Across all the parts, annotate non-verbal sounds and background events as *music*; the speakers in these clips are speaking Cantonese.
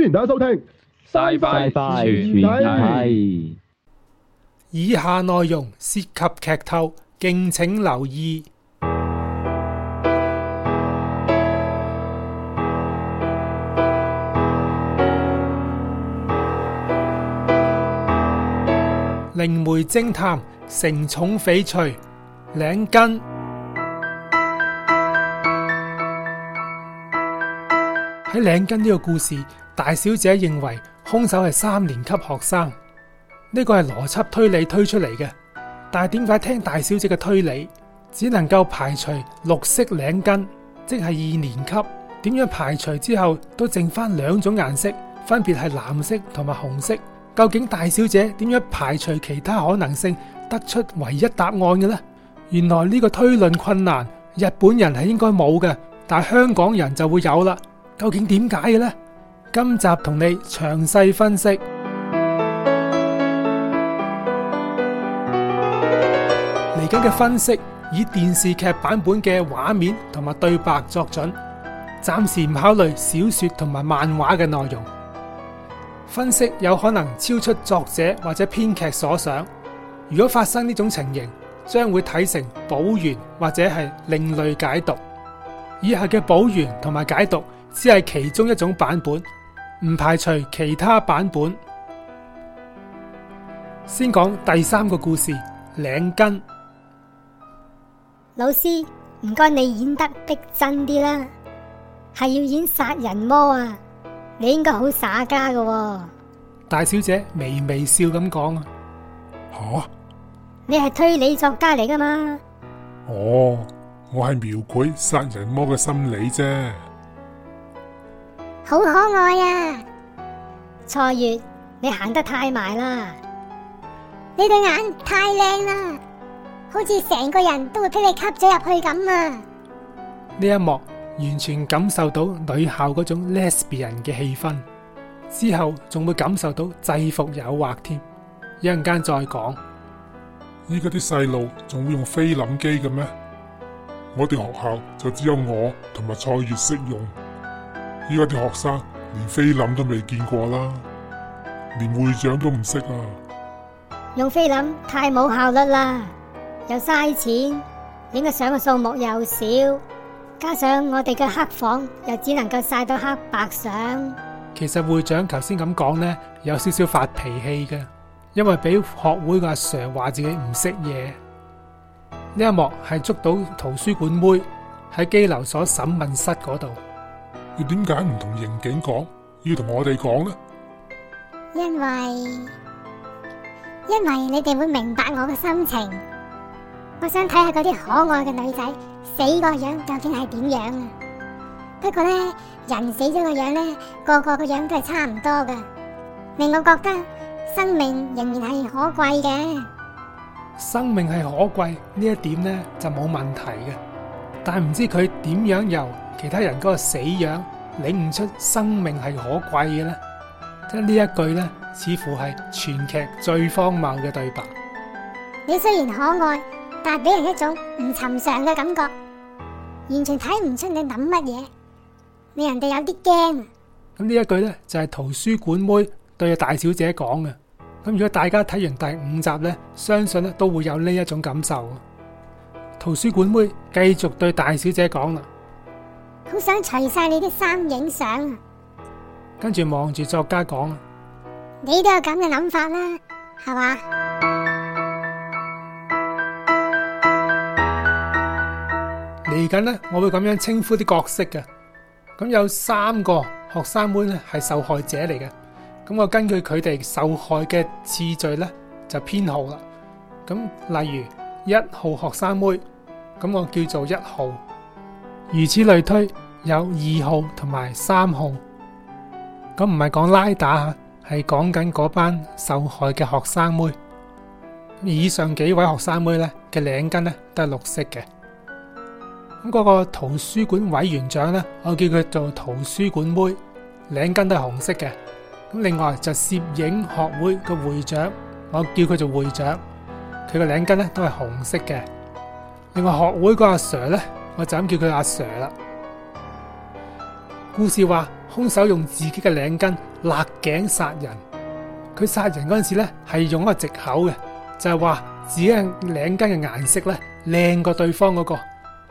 歡迎大家收聽，SciFi 全面睇。以下內容涉及劇透，敬請留意。靈媒偵探城塚翡翠，領巾喺領巾呢個故事。大小姐認為兇手係三年級學生，呢個係邏輯推理推出嚟嘅。但係點解聽大小姐嘅推理，只能夠排除綠色領巾，即係二年級。點樣排除之後都剩翻兩種顏色，分別係藍色同埋紅色。究竟大小姐點樣排除其他可能性，得出唯一答案嘅呢？原來呢個推論困難，日本人係應該冇嘅，但係香港人就會有啦。究竟點解嘅呢？今集同你詳細分析。嚟緊嘅分析以電視劇版本嘅畫面同埋對白作準，暫時唔考慮小說同埋漫畫嘅內容。分析有可能超出作者或者編劇所想。如果發生呢種情形，將會睇成補完或者係另類解讀。以下嘅補完同埋解讀只係其中一種版本。唔排除其他版本。先講第三個故事，領巾。老師，唔該你演得逼真啲啦，係要演殺人魔啊！你應該好耍家噶啊。大小姐微微笑咁講啊，吓？你係推理作家嚟噶嘛？哦，我係描繪殺人魔嘅心理啫。好可愛呀、啊！蔡月，你行得太埋啦！你對眼太靚啦，好似成個人都會俾你吸咗入去咁啊！呢一幕完全感受到女校嗰種 Lesbian 嘅氣氛，之後仲會感受到制服誘惑添。一陣間再講：依家啲細路仲會用菲林機嘅咩？我哋學校就只有我同埋蔡月識用。依家啲學生連菲林都未見過啦，連會長都唔識啊！用菲林太冇效率啦，又嘥錢，影嘅相嘅數目又少，加上我哋嘅黑房又只能夠曬到黑白相。其實會長頭先咁講呢，有少少發脾氣嘅，因為俾學會嘅阿 sir 話自己唔識嘢。呢一幕係捉到圖書館妹喺拘留所審問室嗰度。佢點解唔同刑警講，要同我哋講咧？因為，因為你哋會明白我嘅心情。我想睇下嗰啲可愛嘅女仔死個樣究竟係點樣啊？不過咧，人死咗個樣咧，個個個樣都係差唔多嘅，令我覺得生命仍然係可貴嘅。生命係可貴，呢一點咧就冇問題嘅，但係唔知佢點樣由。其他人嗰個死樣，領悟出生命係可貴嘅呢，即係呢一句呢，似乎係全劇最荒謬嘅對白。你雖然可愛，但係俾人一種唔尋常嘅感覺，完全睇唔出你諗乜嘢，令人哋有啲驚。咁呢一句呢，就係圖書館妹對大小姐講嘅。咁如果大家睇完第五集呢，相信呢都會有呢一種感受。圖書館妹繼續對大小姐講啦。好想除晒你啲衫影相，跟住望住作家講啦。你都有咁嘅諗法啦，係嘛？嚟緊呢，我會咁樣稱呼啲角色嘅。咁有三個學生妹咧係受害者嚟嘅，咁我根據佢哋受害嘅次序咧就編號啦。咁例如一號學生妹，咁我叫做一號。如此類推，有二號同埋三號，咁唔係講拉打，係講緊嗰班受害嘅學生妹。以上幾位學生妹呢嘅領巾呢都係綠色嘅。咁嗰個圖書館委員長呢，我叫佢做圖書館妹，領巾都係紅色嘅。咁另外就攝影學會嘅會長，我叫佢做會長，佢嘅領巾呢都係紅色嘅。另外學會嗰阿 Sir 呢。我就咁叫佢阿 Sir 啦。故事話，兇手用自己嘅領巾勒頸殺人，他殺人。佢殺人嗰陣時呢，係用一個借口嘅，就係話自己領巾嘅顏色呢，靚過對方嗰個，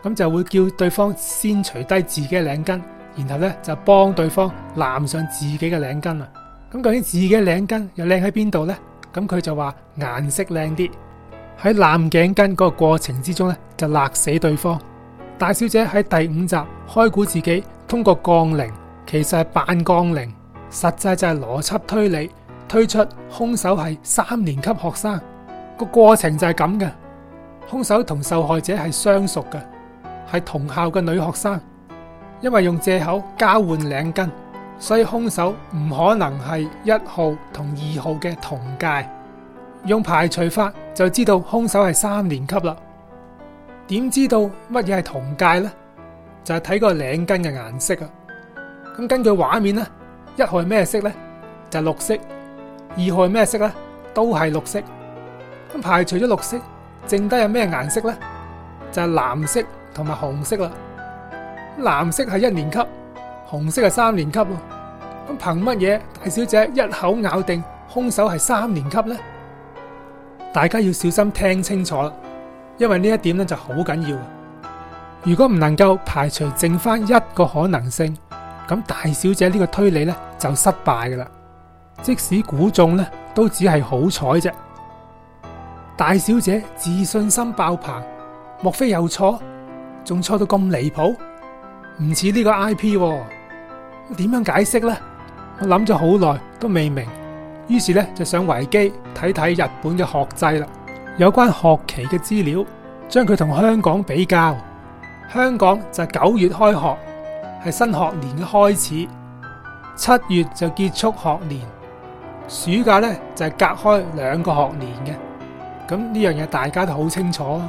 咁就會叫對方先除低自己嘅領巾，然後呢，就幫對方攬上自己嘅領巾啦。咁究竟自己嘅領巾又靚喺邊度呢？咁佢就話顏色靚啲。喺攬頸巾嗰個過程之中呢，就勒死對方。大小姐喺第五集開估自己通過降靈，其實係扮降靈，實際就係邏輯推理推出凶手係三年級學生，個過程就係咁嘅。凶手同受害者係相熟嘅，係同校嘅女學生，因為用借口交換領巾，所以凶手唔可能係一號同二號嘅同屆，用排除法就知道凶手係三年級啦。點知道乜嘢係同屆呢？就係睇嗰個領巾嘅顏色啊！咁根據畫面咧，一號係咩色呢？就係、是、綠色。二號係咩色呢？都係綠色。咁排除咗綠色，剩低有咩顏色呢？就係、是、藍色同埋紅色啦。藍色係一年級，紅色係三年級。咁憑乜嘢大小姐一口咬定凶手係三年級呢？大家要小心聽清楚啦！因為呢一點咧就好緊要，如果唔能夠排除淨翻一個可能性，咁大小姐呢個推理呢就失敗噶啦。即使估中呢，都只係好彩啫。大小姐自信心爆棚，莫非又錯？仲錯到咁離譜，唔似呢個 IP 喎，點樣解釋呢？我諗咗好耐都未明，於是呢，就想維基睇睇日本嘅學制啦。有關學期嘅資料，將佢同香港比較。香港就九月開學，係新學年嘅開始，七月就結束學年，暑假呢，就係隔開兩個學年嘅。咁呢樣嘢大家都好清楚。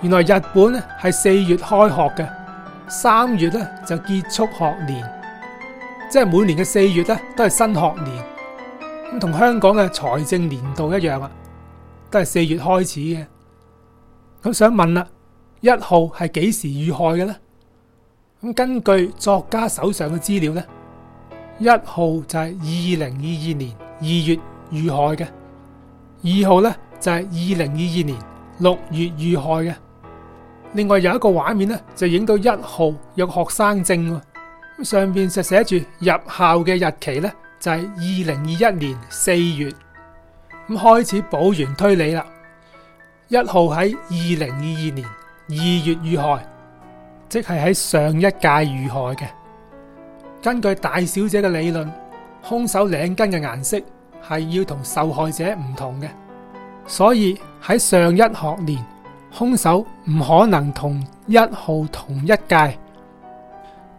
原來日本呢係四月開學嘅，三月呢就結束學年，即係每年嘅四月呢都係新學年，咁同香港嘅財政年度一樣啊。都係四月開始嘅，咁想問啦，一號係幾時遇害嘅呢？咁根據作家手上嘅資料呢，一號就係二零二二年二月遇害嘅，二號呢，就係二零二二年六月遇害嘅。另外有一個畫面呢，就影到一號有學生證，上面就寫住入校嘅日期呢，就係二零二一年四月。咁開始補完推理啦。一號喺二零二二年二月遇害，即係喺上一屆遇害嘅。根據大小姐嘅理論，凶手領巾嘅顏色係要同受害者唔同嘅，所以喺上一學年，凶手唔可能同一號同一屆。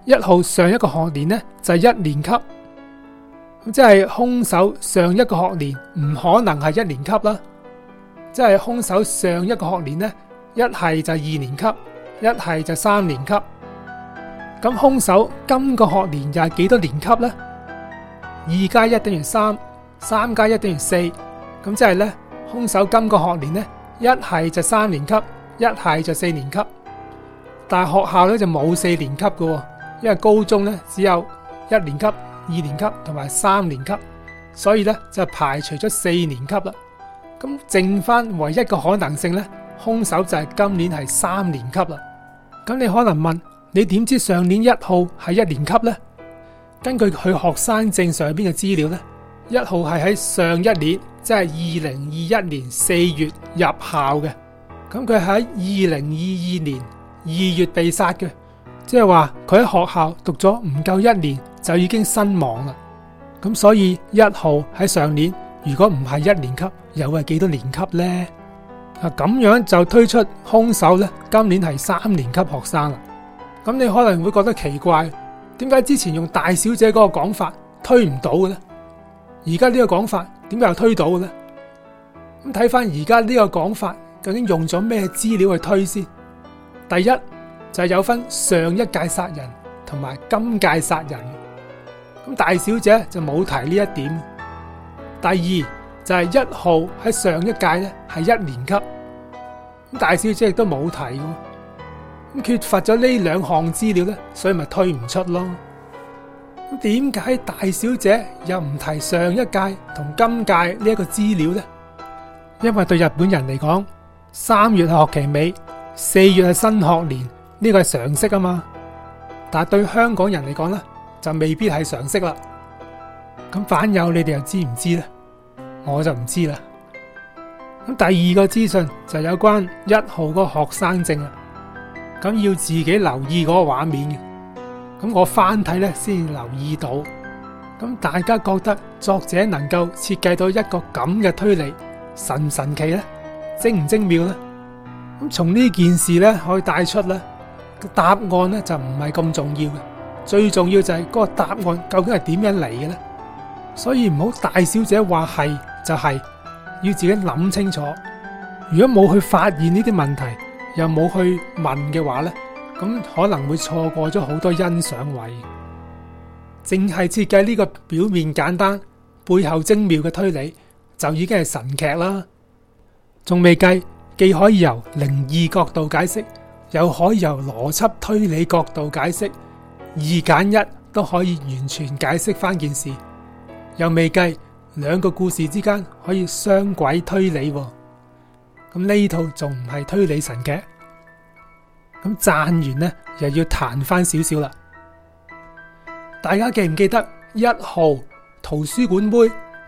一號上一個學年呢就係一年級。即係兇手上一個學年唔可能係一年級啦，即係兇手上一個學年呢，一係就二年級，一係就三年級。咁兇手今個學年又係幾多年級呢？二加一等於三，三加一等於四。咁即係呢，兇手今個學年呢，一係就三年級，一係就四年級。但係學校呢就冇四年級㗎，因為高中呢只有一年級。二年級同埋三年級，所以咧就排除咗四年級啦。咁剩翻唯一個可能性咧，凶手就係今年係三年級啦。咁你可能問，你點知上年一號係一年級呢？根據佢學生證上邊嘅資料咧，一號係喺上一年，即係二零二一年四月入校嘅。咁佢喺二零二二年二月被殺嘅，即係話佢喺學校讀咗唔夠一年。就已經身亡啦。咁所以一號喺上年如果唔係一年級，又係幾多年級呢？啊，咁樣就推出凶手呢，今年係三年級學生啦。咁你可能會覺得奇怪，點解之前用大小姐嗰個講法推唔到嘅呢？而家呢個講法點解又推到嘅呢？咁睇翻而家呢個講法，究竟用咗咩資料去推先？第一就係有分上一屆殺人同埋今屆殺人。大小姐就冇提呢一點。第二就係，一號喺上一屆呢係一年級，咁大小姐亦都冇提，咁缺乏咗呢兩項資料呢，所以咪推唔出咯。點解大小姐又唔提上一屆同今屆呢一個資料呢？因為對日本人嚟講，三月係學期尾，四月係新學年呢個係常識啊嘛，但係對香港人嚟講呢就未必係常識啦，咁反而你哋又知唔知呢？我就唔知啦。咁第二個資訊就有關一號嗰個學生證啦，咁要自己留意嗰個畫面，咁我翻睇呢先留意到。咁大家覺得作者能夠設計到一個咁嘅推理，神唔神奇呢？精唔精妙呢？咁從呢件事呢，可以帶出呢，答案呢，就唔係咁重要嘅。最重要就係個答案究竟係點樣嚟嘅呢？所以唔好大小姐話係就係、是，要自己諗清楚。如果冇去發現呢啲問題，又冇去問嘅話呢，咁可能會錯過咗好多欣賞位。淨係設計呢個表面簡單背後精妙嘅推理就已經係神劇啦，仲未計，既可以由靈異角度解釋，又可以由邏輯推理角度解釋。二揀一都可以完全解釋翻件事，又未計兩個故事之間可以雙軌推理、哦，咁呢套仲唔係推理神劇？咁讚完呢又要彈翻少少啦。大家記唔記得一號圖書館杯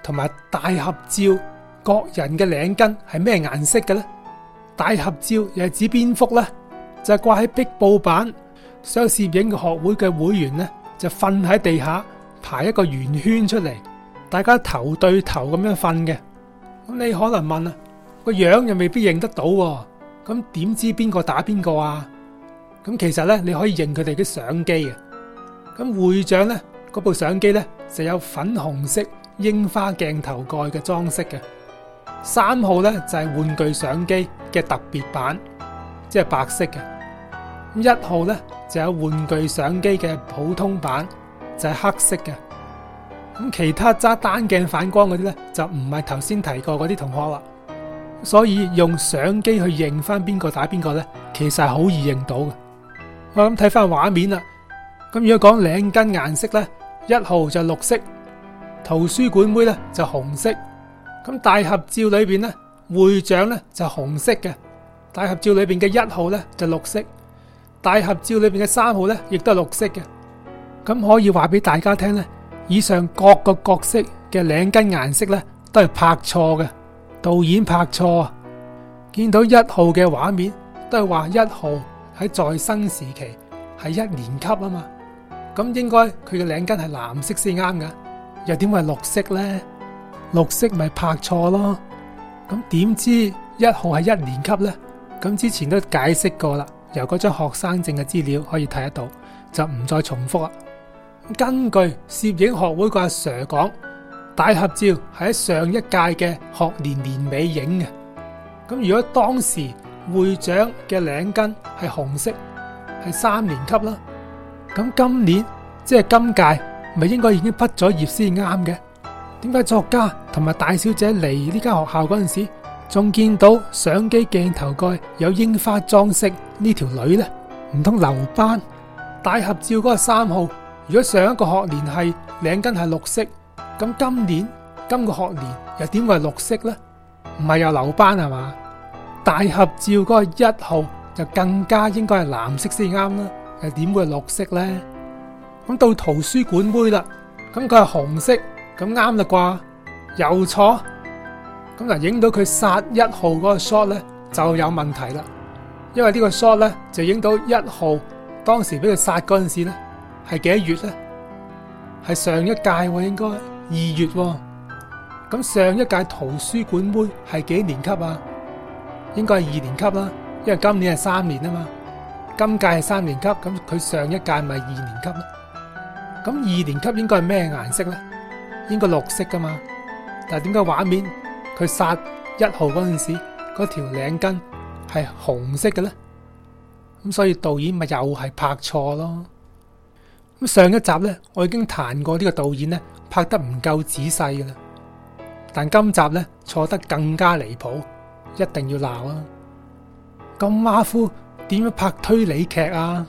同埋大合照各人嘅領巾係咩顏色嘅呢？大合照又係指邊幅呢？就掛、係、喺壁布板。所有攝影嘅學會嘅會員咧，就瞓喺地下排一個圓圈出嚟，大家頭對頭咁樣瞓嘅。咁你可能問啊，個樣又未必認得到喎、哦，咁點知邊個打邊個啊？咁其實咧，你可以認佢哋啲相機嘅。咁會長咧，嗰部相機咧就有粉紅色櫻花鏡頭蓋嘅裝飾嘅。三號咧就係、是、玩具相機嘅特別版，即、就、係、是、白色嘅。一號呢就有玩具相機嘅普通版，就係黑色嘅。咁其他揸單鏡反光嗰啲呢，就唔係頭先提過嗰啲同學啦。所以用相機去認翻邊個打邊個呢，其實係好易認到嘅。我諗睇翻畫面啦。咁如果講領巾顏色呢，一號就綠色，圖書館妹呢就紅色。咁大合照裏邊呢，會長呢就紅色嘅，大合照裏邊嘅一號呢，就綠色。大合照裏面嘅三號呢，亦都係綠色嘅。咁可以話俾大家聽呢，以上各個角色嘅領巾顏色呢，都係拍錯嘅，導演拍錯。見到一號嘅畫面，都係話一號喺在生時期係一年級啊嘛。咁應該佢嘅領巾係藍色先啱嘅，又點會係綠色呢？綠色咪拍錯咯。咁點知一號係一年級呢？咁之前都解釋過啦。由嗰張學生證嘅資料可以睇得到，就唔再重複啦。根據攝影學會個阿 Sir 講，大合照係喺上一屆嘅學年年尾影嘅。咁如果當時會長嘅領巾係紅色，係三年級啦。咁今年即係今屆，咪應該已經畢咗業先啱嘅？點解作家同埋大小姐嚟呢間學校嗰陣時？仲見到相機鏡頭蓋有櫻花裝飾呢條女咧，唔通留班？大合照嗰個三號，如果上一個學年係領巾係綠色，咁今年今個學年又點會係綠色咧？唔係又留班係嘛？大合照嗰個一號就更加應該係藍色先啱啦，又點會係綠色咧？咁到圖書館妹啦，咁佢係紅色，咁啱啦啩？又錯？.咁啊，影到佢殺一號嗰個 shot 咧就有問題啦，因為呢個 shot 咧就影到一號當時俾佢殺嗰陣時咧係幾多月咧？係上一屆喎，應該二月。咁上一屆圖書館妹係幾年級啊？應該係二年級啦，因為今年係三年啊嘛，今屆係三年級，咁佢上一屆咪二年級啦。咁二年級應該係咩顏色咧？應該綠色噶嘛。但係點解畫面？佢殺一號嗰陣時，嗰條領巾係紅色嘅呢。咁所以導演咪又係拍錯咯。咁上一集呢，我已經彈過呢個導演呢，拍得唔夠仔細嘅啦，但今集呢，錯得更加離譜，一定要鬧啊！咁馬虎點樣拍推理劇啊？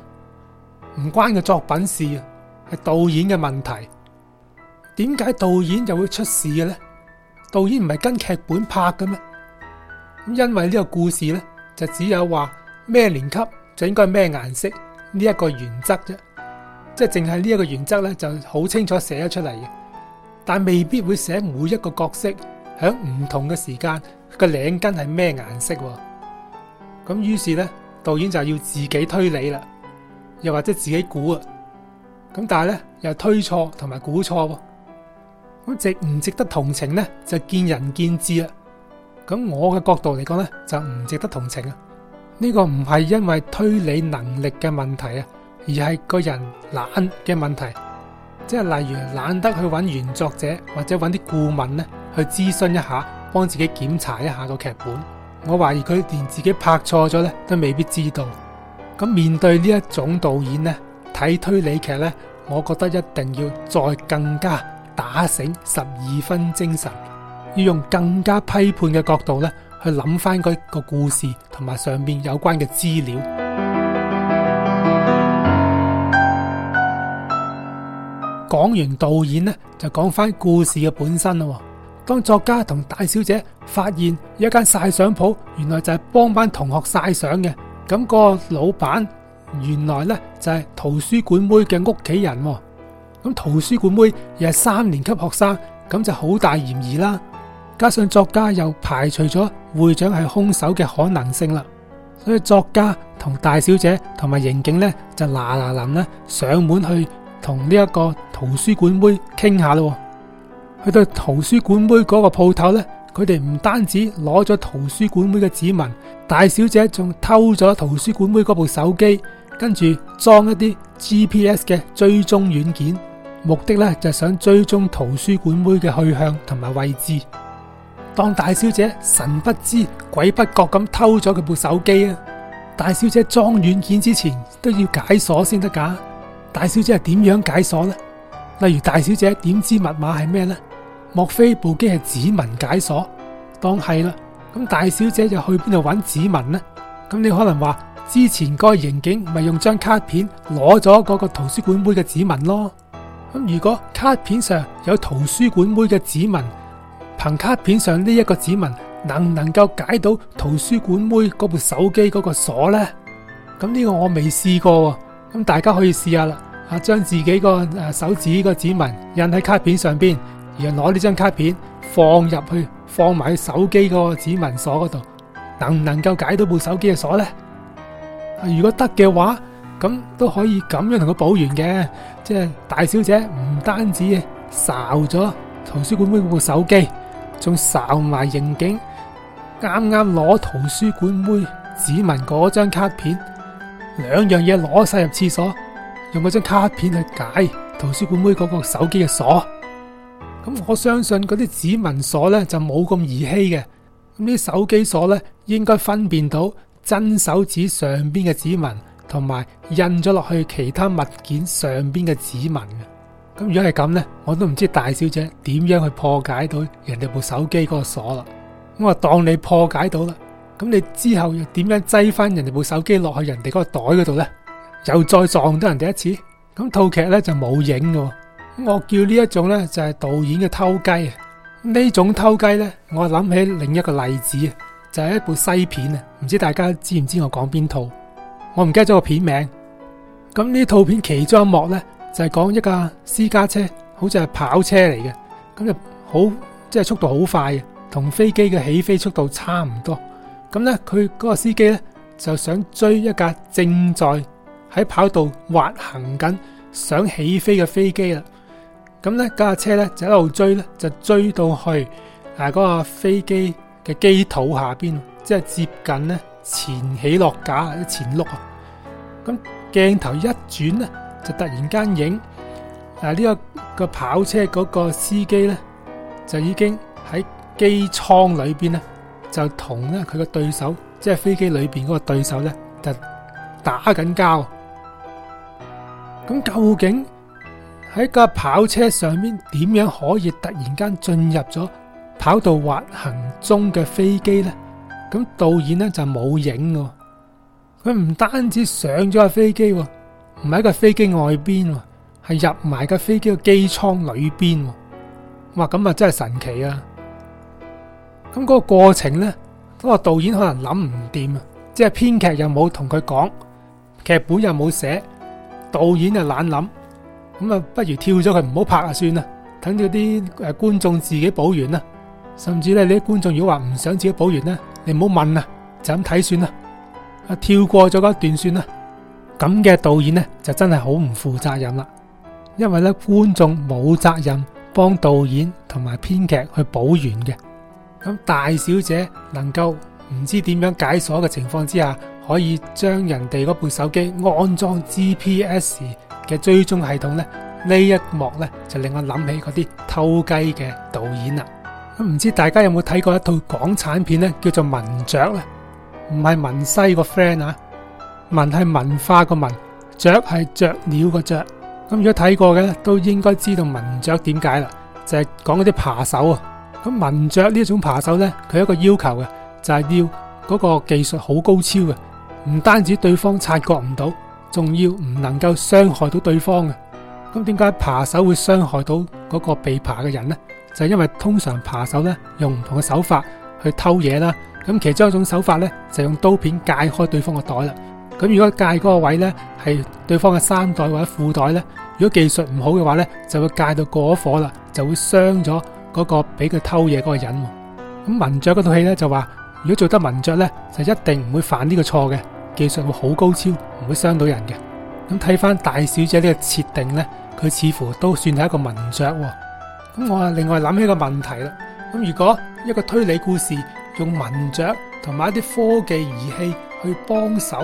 唔關個作品事，係導演嘅問題。點解導演又會出事嘅呢？導演唔係跟劇本拍嘅咩？因為呢個故事呢，就只有話咩年級就應該咩顏色呢一個原則啫，即係淨係呢一個原則呢，就好清楚寫得出嚟嘅，但未必會寫每一個角色響唔同嘅時間個領巾係咩顏色喎？咁於是呢，導演就要自己推理啦，又或者自己估啊？咁但係呢，又推錯同埋估錯喎。咁值唔值得同情呢，就見仁見智啦。咁我嘅角度嚟講呢就唔值得同情啊！呢、呢個唔係因為推理能力嘅問題啊，而係個人懶嘅問題。即係例如懶得去揾原作者或者揾啲顧問呢去諮詢一下，幫自己檢查一下個劇本。我懷疑佢連自己拍錯咗呢，都未必知道。咁面對呢一種導演呢，睇推理劇呢，我覺得一定要再更加。打醒十二分精神，要用更加批判嘅角度咧，去諗翻嗰個故事同埋上邊有關嘅資料。講完導演呢，就講翻故事嘅本身咯。當作家同大小姐發現一間晒相鋪，原來就係幫班同學曬相嘅，咁個老闆原來呢，就係圖書館妹嘅屋企人。咁圖書館妹又係三年級學生，咁就好大嫌疑啦。加上作家又排除咗會長係兇手嘅可能性啦，所以作家同大小姐同埋刑警呢，就嗱嗱臨咧上門去同呢一個圖書館妹傾下咯。去到圖書館妹嗰個鋪頭呢，佢哋唔單止攞咗圖書館妹嘅指紋，大小姐仲偷咗圖書館妹嗰部手機，跟住裝一啲 G P S 嘅追蹤軟件。目的咧，就係、是、想追蹤圖書館妹嘅去向同埋位置。當大小姐神不知鬼不覺咁偷咗佢部手機啊！大小姐裝軟件之前都要解鎖先得噶。大小姐係點樣解鎖呢？例如大小姐點知密碼係咩呢？莫非部機係指紋解鎖？當係啦，咁大小姐就去邊度揾指紋呢？咁你可能話之前個刑警咪、就是、用張卡片攞咗嗰個圖書館妹嘅指紋咯？咁如果卡片上有圖書館妹嘅指紋，憑卡片上呢一個指紋，能唔能夠解到圖書館妹嗰部手機嗰個鎖呢？咁、這、呢個我未試過，咁大家可以試下啦，啊，將自己個手指個指紋印喺卡片上邊，然後攞呢張卡片放入去放埋手機嗰個指紋鎖嗰度，能唔能夠解到部手機嘅鎖呢？如果得嘅話。咁都可以咁樣同佢補完嘅，即係大小姐唔單止嘥咗圖書館妹部手機，仲嘥埋刑警啱啱攞圖書館妹指紋嗰張卡片，兩樣嘢攞晒入廁所，用嗰張卡片去解圖書館妹嗰個手機嘅鎖。咁我相信嗰啲指紋鎖呢就冇咁兒戲嘅，咁啲手機鎖呢，應該分辨到真手指上邊嘅指紋。同埋印咗落去其他物件上邊嘅指紋，咁如果係咁呢，我都唔知大小姐點樣去破解到人哋部手機嗰個鎖啦。咁我話當你破解到啦，咁你之後又點樣擠翻人哋部手機落去人哋嗰個袋嗰度呢？又再撞到人哋一次，咁套劇呢就冇影喎。我叫呢一種呢，就係導演嘅偷雞，呢種偷雞呢，我諗起另一個例子，就係一部西片啊，唔知大家知唔知我講邊套？我唔記得咗個片名，咁呢套片其中一幕呢，就係、係、講一架私家車，好似係跑車嚟嘅，咁就好即係速度好快嘅，同飛機嘅起飛速度差唔多。咁呢，佢嗰、嗰個司機呢，就想追一架正在喺跑道滑行緊、想起飛嘅飛機啦。咁呢架、嗰個、車呢，就一路追呢就追到去啊嗰、嗰個飛機嘅機肚下邊，即係接近呢。前起落架，前轆啊！咁鏡頭一轉呢就突然間影啊呢個、個跑車嗰個司機呢，就已經喺機艙裏邊呢就同咧佢個對手，即係飛機裏邊嗰個對手呢，就打緊交。咁究竟喺架跑車上面點樣可以突然間進入咗跑道滑行中嘅飛機呢？咁導演咧就冇影嘅，佢唔單止上咗架飛機，唔係喺架飛機外邊，係入埋架飛機嘅機艙裏邊。哇，咁啊真係神奇啊！咁嗰個過程咧，嗰個導演可能諗唔掂啊，即係編劇又冇同佢講，劇本又冇寫，導演就懶諗，咁啊不如跳咗佢唔好拍啊算啦，等住啲誒觀眾自己補完啦，甚至咧你啲觀眾如果話唔想自己補完咧。你唔好問啊，就咁睇算啦，啊跳過咗一段算啦，咁嘅導演呢，就真係好唔負責任啦，因為呢，觀眾冇責任幫導演同埋編劇去補完嘅。咁大小姐能夠唔知點樣解鎖嘅情況之下，可以將人哋嗰部手機安裝 GPS 嘅追蹤系統呢，呢一幕呢，就令我諗起嗰啲偷雞嘅導演啦。唔知大家有冇睇過一套港產片呢，叫做《文雀》咧，唔係文西個 friend 啊，文係文化個文，雀係雀鳥個雀。咁如果睇過嘅都應該知道文雀點解啦，就係講嗰啲扒手啊。咁文雀呢種扒手呢，佢有一個要求嘅就係、是、要嗰個技術好高超嘅，唔單止對方察覺唔到，仲要唔能夠傷害到對方嘅。咁點解扒手會傷害到嗰個被扒嘅人呢？就係因為通常扒手咧用唔同嘅手法去偷嘢啦，咁其中一種手法咧就係用刀片解開對方嘅袋啦。咁如果解嗰個位咧係對方嘅衫袋或者褲袋咧，如果技術唔好嘅話咧，就會解到過火啦，就會傷咗嗰個俾佢偷嘢嗰個人。咁文雀嗰套戲咧就話，如果做得文雀咧，就一定唔會犯呢個錯嘅，技術會好高超，唔會傷到人嘅。咁睇翻大小姐呢個設定咧，佢似乎都算係一個文雀，哦。咁我啊，另外諗起個問題啦。咁如果一個推理故事用文雀同埋一啲科技儀器去幫手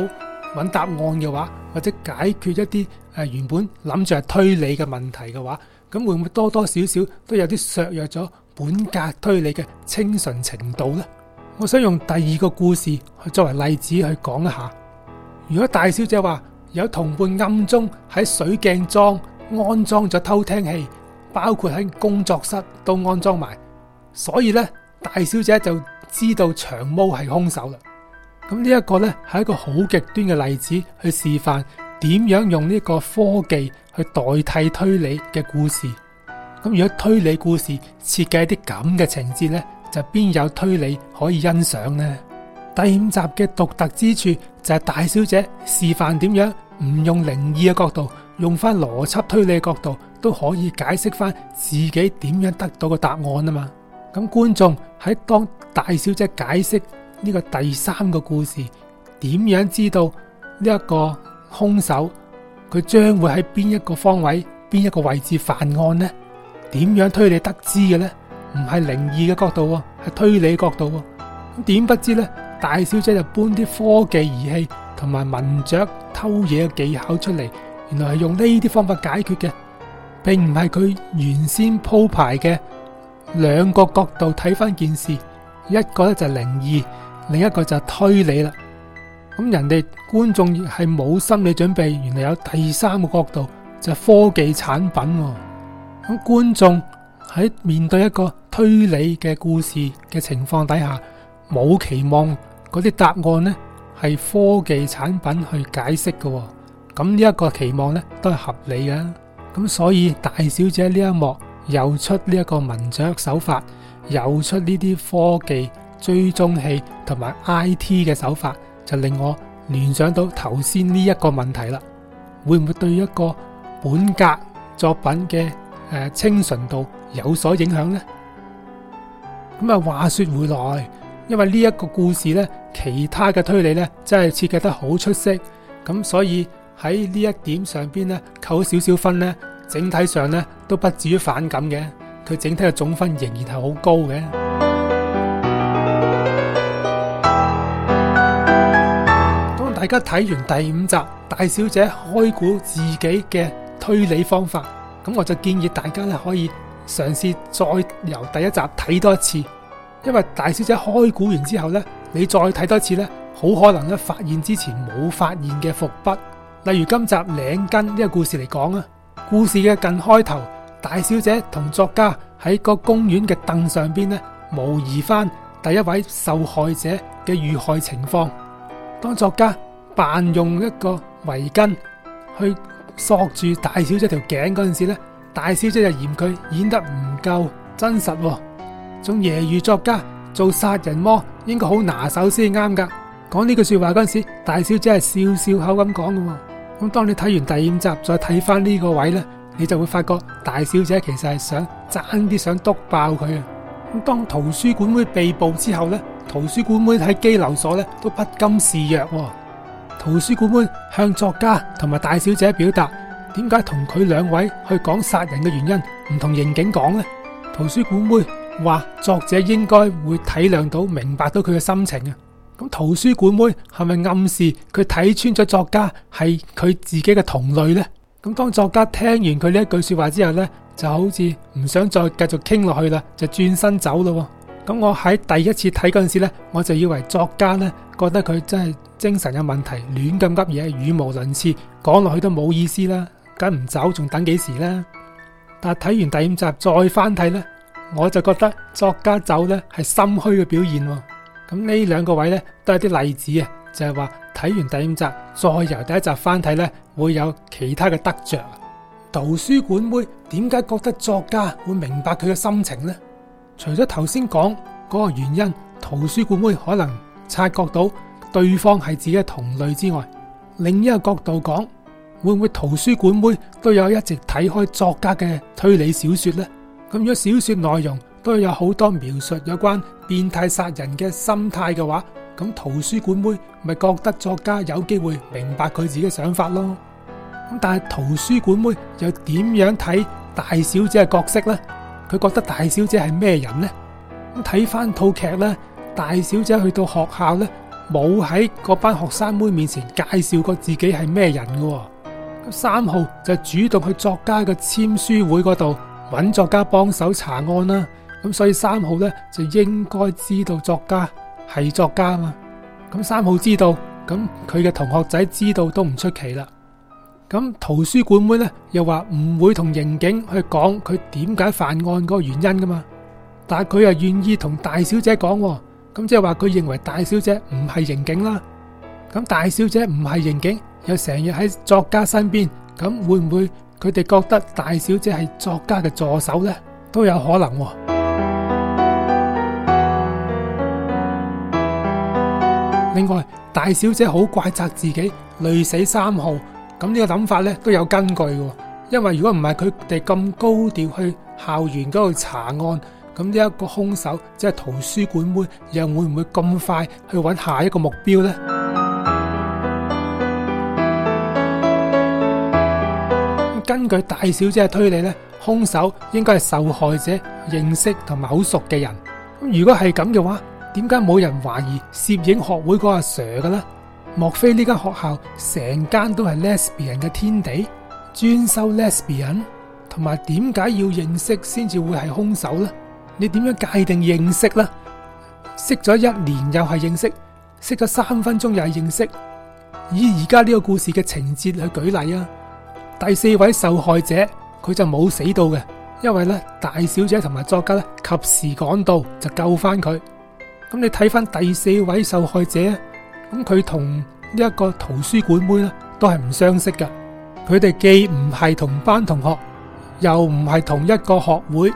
揾答案嘅話，或者解決一啲誒原本諗住係推理嘅問題嘅話，咁會唔會多多少少都有啲削弱咗本格推理嘅清純程度呢？我想用第二個故事去作為例子去講一下。如果大小姐話有同伴暗中喺水鏡莊安裝咗偷聽器。包括喺工作室都安裝埋，所以咧，大小姐就知道長毛係凶手啦。咁呢一個咧，係一個好極端嘅例子去示範點樣用呢個科技去代替推理嘅故事。咁如果推理故事設計啲咁嘅情節咧，就邊有推理可以欣賞呢？第五集嘅獨特之處就係大小姐示範點樣唔用靈異嘅角度，用翻邏輯推理嘅角度，都可以解釋翻自己點樣得到個答案啊嘛！咁觀眾喺當大小姐解釋呢個第三個故事，點樣知道呢一個凶手佢將會喺邊一個方位、邊一個位置犯案呢？點樣推理得知嘅呢？唔係靈異嘅角度喎，係推理角度喎。咁點不知呢？大小姐就搬啲科技儀器同埋文雀偷嘢嘅技巧出嚟，原來係用呢啲方法解決嘅。並唔係佢原先鋪排嘅兩個角度睇翻件事，一個咧，就靈異，另一個就係推理啦。咁人哋觀眾係冇心理準備，原來有第三個角度就係科技產品。咁觀眾喺面對一個推理嘅故事嘅情況底下，冇期望嗰啲答案呢，係科技產品去解釋嘅。咁呢一個期望呢，都係合理嘅。咁所以大小姐呢一幕又出呢一個文雀手法，又出呢啲科技追蹤器同埋 IT 嘅手法，就令我聯想到頭先呢一個問題啦，會唔會對一個本格作品嘅誒清純度有所影響咧？咁啊，話說回來，因為呢一個故事咧，其他嘅推理咧，真係設計得好出色，咁所以。喺呢一點上邊呢扣少少分呢，整體上呢都不至於反感嘅。佢整體嘅總分仍然係好高嘅。當大家睇完第五集大小姐開估自己嘅推理方法，咁我就建議大家咧可以嘗試再由第一集睇多一次，因為大小姐開估完之後呢，你再睇多次呢，好可能咧發現之前冇發現嘅伏筆。例如今集領巾呢，這個故事嚟講啊，故事嘅近開頭，大小姐同作家喺個公園嘅凳上邊呢，模擬翻第一位受害者嘅遇害情況。當作家扮用一個圍巾去索住大小姐條頸嗰陣時咧，大小姐就嫌佢演得唔夠真實，仲揶揄作家做殺人魔應該好拿手先啱噶。講呢句說話嗰陣時，大小姐係笑笑口咁講噶。咁當你睇完第五集再睇翻呢個位呢，你就會發覺大小姐其實係想爭啲，想督爆佢啊。咁當圖書館妹被捕之後呢，圖書館妹喺拘留所呢都不甘示弱。圖書館妹向作家同埋大小姐表達點解同佢兩位去講殺人嘅原因唔同刑警講呢。圖書館妹話作者應該會體諒到、明白到佢嘅心情啊。咁圖書館妹係咪暗示佢睇穿咗作家係佢自己嘅同類呢？咁當作家聽完佢呢一句說話之後呢，就好似唔想再繼續傾落去啦，就轉身走咯，哦。咁我喺第一次睇嗰陣時呢，我就以為作家呢，覺得佢真係精神有問題，亂咁噏嘢，語無倫次，講落去都冇意思啦，梗唔走，仲等幾時呢？但睇完第五集再翻睇呢，我就覺得作家走呢係心虛嘅表現，哦。咁呢兩個位呢，都係啲例子啊，就係話睇完第五集再由第一集翻睇呢，會有其他嘅得着。圖書館妹點解覺得作家會明白佢嘅心情呢？除咗頭先講嗰個原因，圖書館妹可能察覺到對方係自己嘅同類之外，另一個角度講，會唔會圖書館妹都有一直睇開作家嘅推理小說呢？咁如果小說內容？都有好多描述有關變態殺人嘅心態嘅話，咁圖書館妹咪覺得作家有機會明白佢自己嘅想法咯。咁但係圖書館妹又點樣睇大小姐嘅角色呢？佢覺得大小姐係咩人呢？咁睇翻套劇呢，大小姐去到學校呢，冇喺嗰班學生妹面前介紹過自己係咩人嘅。三號就主動去作家嘅簽書會嗰度揾作家幫手查案啦。咁所以三號咧就應該知道作家係作家啊嘛。咁三號知道，咁佢嘅同學仔知道都唔出奇啦。咁圖書館妹咧又話唔會同刑警去講佢點解犯案個原因噶嘛。但係佢又願意同大小姐講啊，咁即係話佢認為大小姐唔係刑警啦。咁大小姐唔係刑警，又成日喺作家身邊，咁會唔會佢哋覺得大小姐係作家嘅助手呢？都有可能啊。另外大小姐好怪責自己累死三號，咁呢個諗法咧都有根據嘅，因為如果唔係佢哋咁高調去校園嗰度查案，咁呢一個兇手即係圖書館妹，又會唔會咁快去揾下一個目標咧？根據大小姐嘅推理咧，兇手應該係受害者認識同埋好熟嘅人。如果係咁嘅話，點解冇人懷疑攝影學會嗰阿 Sir 嘅呢？莫非呢間學校成間都係 Lesbian 嘅天地，專修 Lesbian 同埋？點解要認識先至會係兇手呢？你點樣界定認識呢？識咗一年又係認識，識咗三分鐘又係認識。以而家呢個故事嘅情節去舉例啊，第四位受害者佢就冇死到嘅，因為呢大小姐同埋作家呢及時趕到就救翻佢。咁你睇翻第四位受害者，咁佢同呢一個圖書館妹咧都係唔相識㗎。佢哋既唔係同班同學，又唔係同一個學會，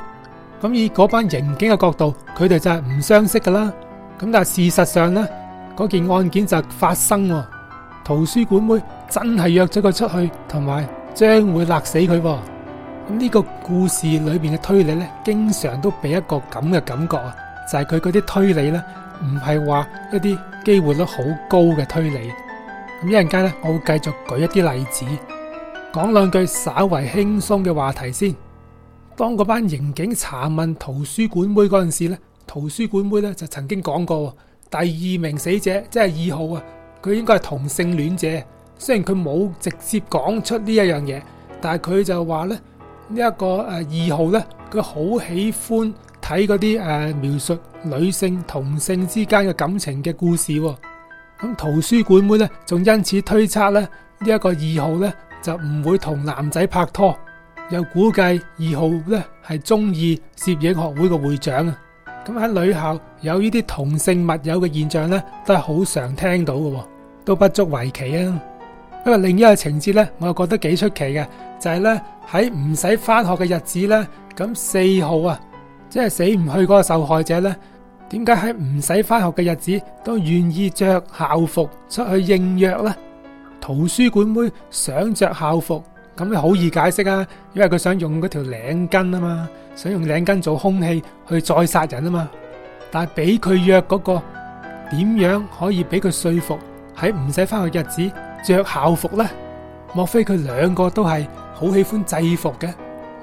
咁以嗰班刑警嘅角度，佢哋就係唔相識噶啦。咁但係事實上呢，嗰件案件就發生，圖書館妹真係約咗佢出去，同埋將會勒死佢。咁呢個故事裏邊嘅推理呢，經常都俾一個咁嘅感覺啊！就係佢嗰啲推理呢，唔係話一啲機會率好高嘅推理。咁一陣間呢，我會繼續舉一啲例子，講兩句稍為輕鬆嘅話題先。當嗰班刑警查問圖書館妹嗰陣時呢，圖書館妹呢就曾經講過，第二名死者即係二號啊，佢應該係同性戀者。雖然佢冇直接講出呢一樣嘢，但係佢就話咧呢一個誒二號呢，佢好喜歡。睇嗰啲誒描述女性同性之間嘅感情嘅故事，哦，咁圖書館妹咧，仲因此推測咧呢一，這個二號咧就唔會同男仔拍拖，又估計號呢是二號咧係中意攝影學會嘅會長啊。咁喺女校有呢啲同性密友嘅現象咧，都係好常聽到嘅，哦，都不足為奇啊。因為另一個情節咧，我又覺得幾出奇嘅，就係咧喺唔使翻學嘅日子咧，咁四號啊。即係死唔去嗰個受害者呢？點解喺唔使翻學嘅日子都願意着校服出去應約呢？圖書館妹想着校服，咁你好易解釋啊，因為佢想用嗰條領巾啊嘛，想用領巾做凶器去再殺人啊嘛。但係俾佢約嗰個，點樣可以俾佢說服喺唔使翻學嘅日子着校服呢？莫非佢兩個都係好喜歡制服嘅，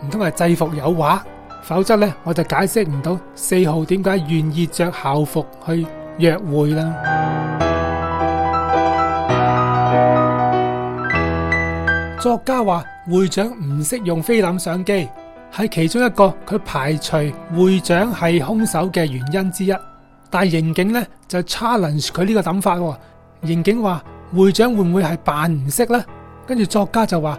唔通係制服誘惑？否則咧，我就解釋唔到四號點解願意着校服去約會啦。作家話會長唔識用菲林相機，係其中一個佢排除會長係兇手嘅原因之一。但係刑警呢，就 challenge 佢呢個諗法喎。刑警話會長會唔會係扮唔識呢？跟住作家就話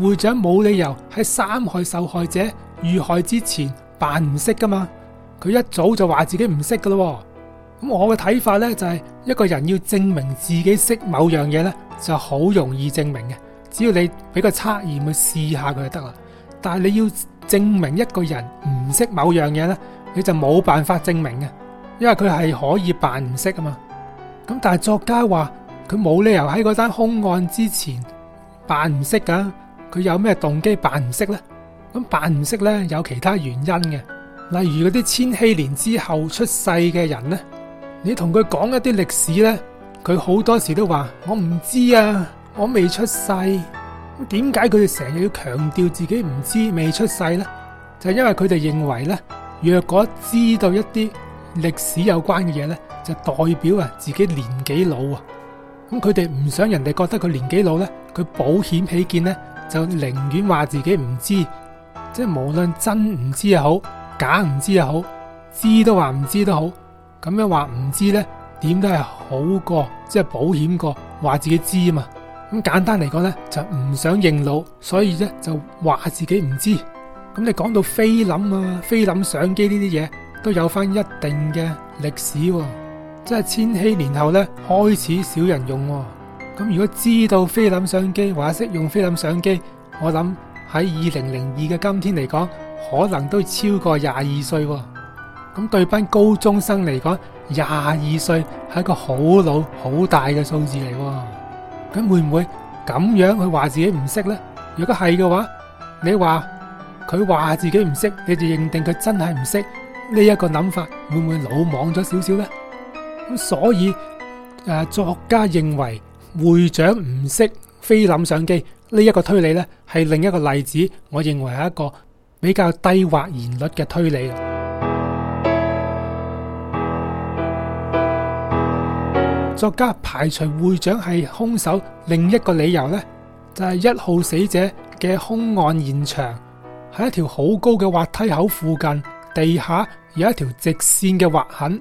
會長冇理由係三害受害者。遇害之前扮唔識噶嘛？佢一早就話自己唔識噶咯。咁我嘅睇法呢，就係一個人要證明自己識某樣嘢呢，就好容易證明嘅，只要你俾個測驗去試下佢就得啦。但係你要證明一個人唔識某樣嘢呢，你就冇辦法證明嘅，因為佢係可以扮唔識啊嘛。咁但係作家話佢冇理由喺嗰單兇案之前扮唔識噶，佢有咩動機扮唔識呢？咁辦唔識呢，有其他原因嘅，例如嗰啲千禧年之後出世嘅人呢，你同佢講一啲歷史呢，佢好多時都話我唔知啊，我未出世。咁點解佢哋成日要強調自己唔知未出世呢？就係因為佢哋認為呢，若果知道一啲歷史有關嘅嘢呢，就代表啊自己年紀老啊。咁佢哋唔想人哋覺得佢年紀老呢，佢保險起見呢，就寧願話自己唔知。即係無論真唔知又好，假唔知又好，知都話唔知都好，咁樣話唔知呢，點都係好過，即係保險過，話自己知啊嘛。咁簡單嚟講呢，就唔想認老，所以呢，就話自己唔知。咁你講到菲林啊，菲林相機呢啲嘢都有翻一定嘅歷史喎，即係千禧年後呢，開始少人用喎。咁如果知道菲林相機，或者識用菲林相機，我諗。喺二零零二嘅今天嚟講，可能都超過廿二歲、喎，咁對班高中生嚟講，廿二歲係一個好老好大嘅數字嚟、喎，咁會唔會咁樣佢話自己唔識呢？如果係嘅話，你話佢話自己唔識，你就認定佢真係唔識呢一、個諗法，會唔會魯莽咗少少呢？咁所以，誒、啊，作家認為會長唔識菲林相機。呢一個推理呢，係另一個例子，我認為係一個比較低或然率嘅推理。作家排除會長係兇手，另一個理由呢，就係一號死者嘅兇案現場喺一條好高嘅滑梯口附近，地下有一條直線嘅劃痕，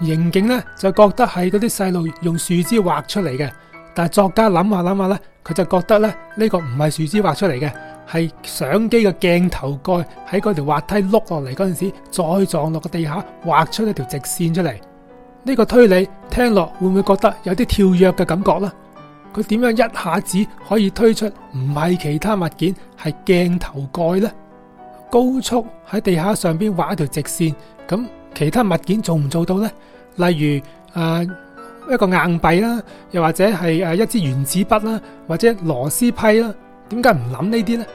刑警呢，就覺得係嗰啲細路用樹枝劃出嚟嘅。但作家諗下諗下呢，佢就覺得咧，呢個唔係樹枝畫出嚟嘅，係相機嘅鏡頭蓋喺嗰條滑梯碌落嚟嗰陣時，再撞落個地下畫出一條直線出嚟。呢、這個推理聽落會唔會覺得有啲跳躍嘅感覺呢？佢點樣一下子可以推出唔係其他物件係鏡頭蓋呢？高速喺地下上邊畫一條直線，咁其他物件做唔做到呢？例如、呃一個硬幣啦，又或者係誒一支原子筆啦，或者螺絲批啦，點解唔諗呢啲呢？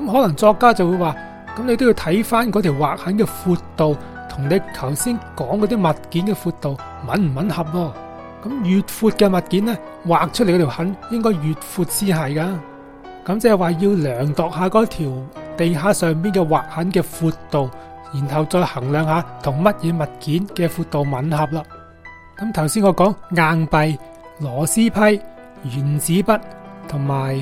咁可能作家就會話：咁你都要睇翻嗰條畫痕嘅闊度，同你頭先講嗰啲物件嘅闊度吻唔吻合咯？咁越闊嘅物件呢，畫出嚟嗰條痕應該越闊先係噶。咁即係話要量度下嗰條地下上邊嘅畫痕嘅闊度，然後再衡量下同乜嘢物件嘅闊度吻合啦。咁頭先我講硬幣、螺絲批、原子筆同埋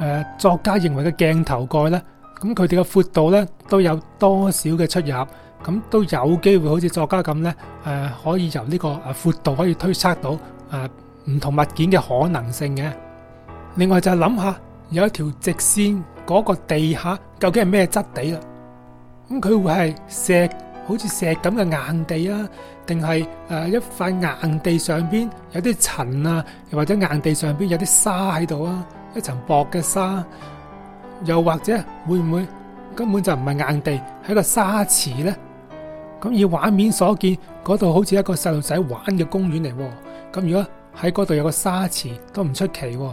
誒作家認為嘅鏡頭蓋呢，咁佢哋嘅闊度呢，都有多少嘅出入，咁都有機會好似作家咁呢，誒可以由呢個誒闊度可以推測到誒唔同物件嘅可能性嘅。另外就係諗下有一條直線嗰個地下究竟係咩質地，咁佢會係石？好似石咁嘅硬地啊，定係誒一塊硬地上邊有啲塵啊，又或者硬地上邊有啲沙喺度啊，一層薄嘅沙，又或者會唔會根本就唔係硬地，係一個沙池咧？咁以畫面所見，嗰度好似一個細路仔玩嘅公園嚟喎。咁如果喺嗰度有個沙池都唔出奇喎。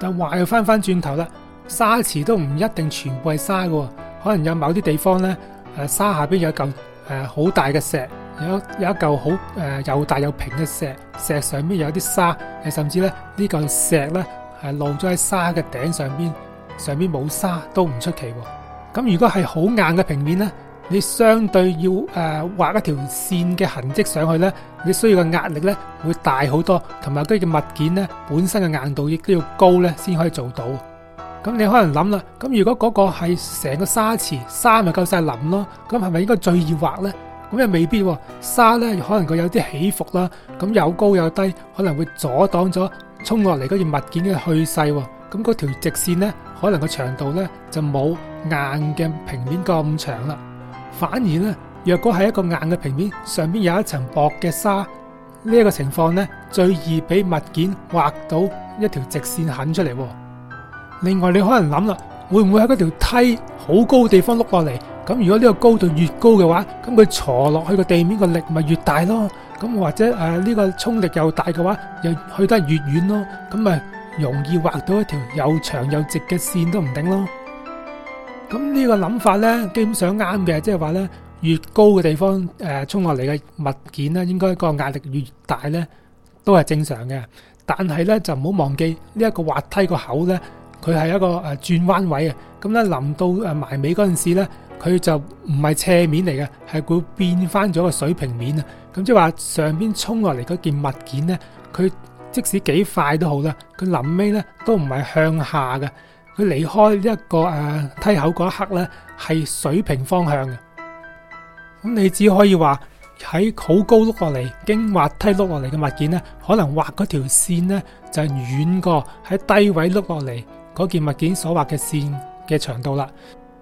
但話又翻翻轉頭啦，沙池都唔一定全部係沙嘅，可能有某啲地方咧。誒，沙下邊有一嚿誒好大嘅石，有有一嚿好誒、呃、又大又平嘅石，石上面有啲沙，甚至咧呢嚿、這個、石咧係露咗喺沙嘅頂上邊，上面冇沙都唔出奇喎、哦。咁如果係好硬嘅平面咧，你相對要誒、畫、呃、一條線嘅痕跡上去咧，你需要嘅壓力咧會大好多，同埋嗰啲嘅物件咧本身嘅硬度亦都要高咧先可以做到。咁你可能諗啦，咁如果嗰個係成個沙池，沙咪夠晒腍咯，咁係咪應該最易劃呢？咁又未必喎，沙呢可能佢有啲起伏啦，咁有高有低，可能會阻擋咗衝落嚟嗰件物件嘅去勢喎，咁嗰條直線呢，可能個長度呢就冇硬嘅平面咁長啦，反而呢，若果係一個硬嘅平面上面有一層薄嘅沙，呢、這、一個情況呢，最易俾物件劃到一條直線痕出嚟喎。另外你可能諗啦，會唔會喺嗰條梯好高嘅地方碌落嚟？咁如果呢個高度越高嘅話，咁佢坐落去個地面個力咪越大咯？咁或者誒呢個衝力又大嘅話，又去得越遠咯？咁咪容易劃到一條又長又直嘅線都唔定咯。咁呢個諗法呢，基本上啱嘅，即係話呢，越高嘅地方誒衝落嚟嘅物件呢，應該個壓力越大呢，都係正常嘅。但係呢就唔好忘記呢一個滑梯個口呢。佢係一個誒轉彎位啊，咁、嗯、咧臨到誒埋尾嗰陣時咧，佢就唔係斜面嚟嘅，係會變翻咗個水平面啊！咁、嗯、即係話上邊沖落嚟嗰件物件咧，佢即使幾快都好啦，佢臨到尾咧都唔係向下嘅，佢離開一個誒、呃、梯口嗰一刻咧係水平方向嘅。咁、嗯、你只可以話喺好高碌落嚟經滑梯碌落嚟嘅物件咧，可能滑嗰條線咧就遠過喺低位碌落嚟嗰件物件所畫嘅線嘅長度啦，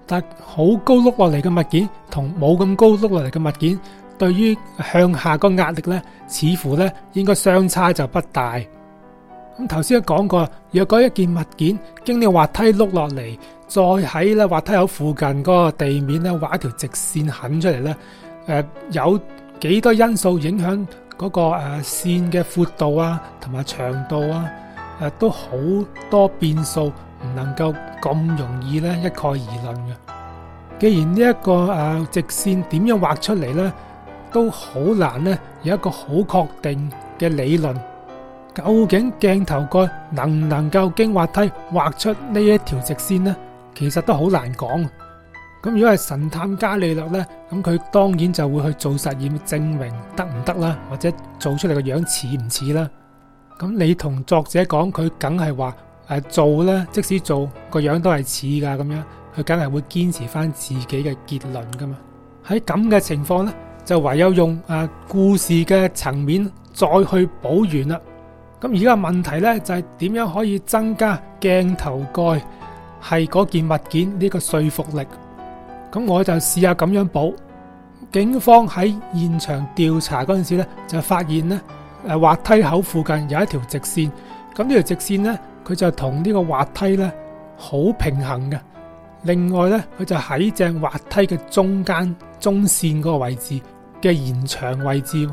但好高碌落嚟嘅物件同冇咁高碌落嚟嘅物件，對於向下個壓力咧，似乎咧應該相差就不大。咁頭先都講過，若果一件物件經你滑梯碌落嚟，再喺咧滑梯口附近嗰個地面咧畫一條直線痕出嚟咧，誒有幾多因素影響嗰個誒、啊、線嘅闊度啊，同埋長度啊，啊，誒都好多變數。唔能夠咁容易咧一概而論嘅。既然呢一個誒直線點樣畫出嚟呢，都好難呢有一個好確定嘅理論。究竟鏡頭蓋能唔能夠經滑梯畫出呢一條直線呢，其實都好難講。咁如果係神探伽利略呢，咁佢當然就會去做實驗證明得唔得啦，或者做出嚟個樣似唔似啦。咁你同作者講，佢梗係話。啊、做呢，即使做個樣都係似噶咁樣，佢梗係會堅持翻自己嘅結論噶嘛。喺咁嘅情況呢，就唯有用誒、啊、故事嘅層面再去補完啦。咁而家問題呢，就係、是、點樣可以增加鏡頭蓋係嗰件物件呢、這個說服力？咁我就試下咁樣補。警方喺現場調查嗰陣時咧，就發現呢誒、啊、滑梯口附近有一條直線。咁呢條直線呢。佢就同呢個滑梯咧好平衡嘅，另外呢，佢就喺正滑梯嘅中間中線嗰個位置嘅延長位置，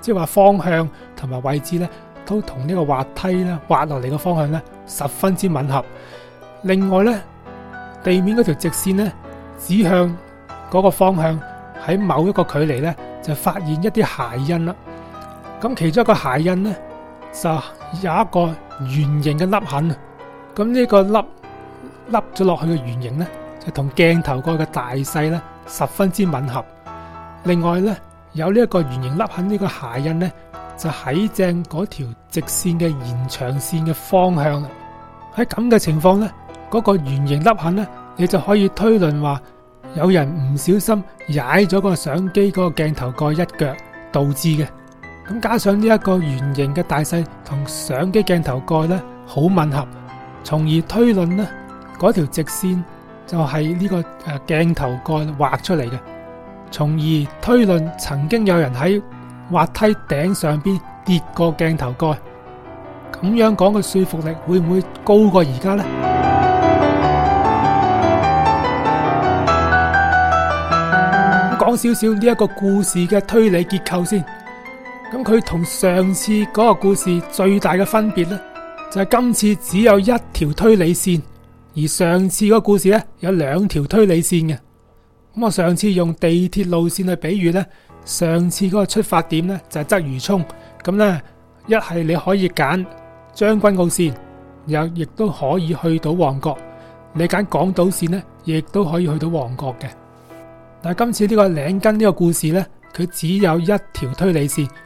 即係話方向同埋位置呢，都同呢個滑梯咧滑落嚟嘅方向呢十分之吻合。另外呢，地面嗰條直線呢指向嗰個方向，喺某一個距離呢就發現一啲鞋印啦。咁其中一個鞋印呢，就有一個。圓形嘅凹痕啊，咁呢個凹凹咗落去嘅圓形呢，就同鏡頭蓋嘅大細呢十分之吻合。另外呢，有呢一個圓形凹痕呢個鞋印呢，就喺正嗰條直線嘅延長線嘅方向。喺咁嘅情況呢，嗰、那個圓形凹痕呢，你就可以推論話有人唔小心踩咗個相機嗰個鏡頭蓋一腳導致嘅。咁加上呢一個圓形嘅大細同相機鏡頭蓋咧好吻合，從而推論嗰條直線就係呢個誒鏡頭蓋畫出嚟嘅，從而推論曾經有人喺滑梯頂上邊跌過鏡頭蓋，咁樣講嘅說服力會唔會高過而家咧？講少少呢一個故事嘅推理結構先。咁佢同上次嗰個故事最大嘅分別呢，就係、是、今次只有一條推理線，而上次嗰個故事呢，有兩條推理線嘅。咁我上次用地鐵路線去比喻呢，上次嗰個出發點呢，就係鰂魚涌，咁呢一係你可以揀將軍澳線，又亦都可以去到旺角；你揀港島線呢，亦都可以去到旺角嘅。但係今次呢個領巾呢個故事呢，佢只有一條推理線。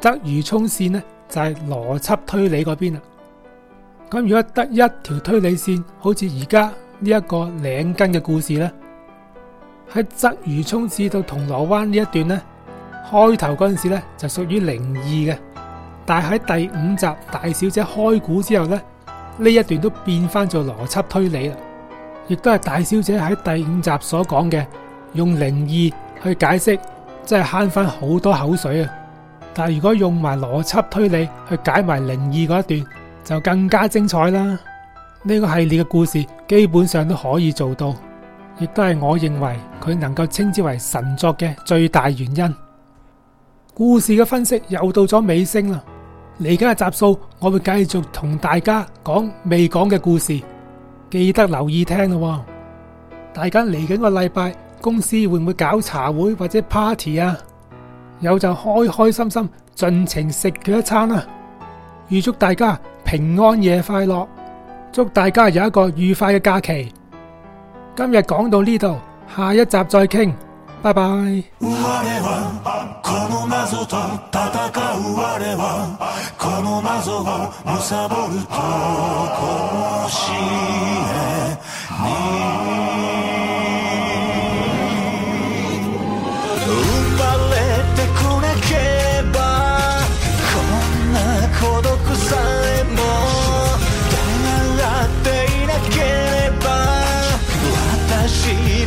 鰂魚涌綫呢，就係邏輯推理嗰邊啦。咁如果得一條推理線，好似而家呢一個領巾嘅故事呢，喺鰂魚涌至到銅鑼灣呢一段呢，開頭嗰陣時咧就屬於靈異嘅，但係喺第五集大小姐開估之後呢，呢一段都變翻做邏輯推理啦，亦都係大小姐喺第五集所講嘅，用靈異去解釋，真係慳翻好多口水啊！但，如果用埋邏輯推理去解埋靈異嗰一段，就更加精彩啦！呢個系列嘅故事基本上都可以做到，亦都係我認為佢能夠稱之為神作嘅最大原因。故事嘅分析又到咗尾聲啦，嚟緊嘅集數我會繼續同大家講未講嘅故事，記得留意聽咯。大家嚟緊個禮拜公司會唔會搞茶會或者 party 啊？有就開開心心，盡情食佢一餐啦、啊！預祝大家平安夜快樂，祝大家有一個愉快嘅假期。今日講到呢度，下一集再傾，拜拜。 *music*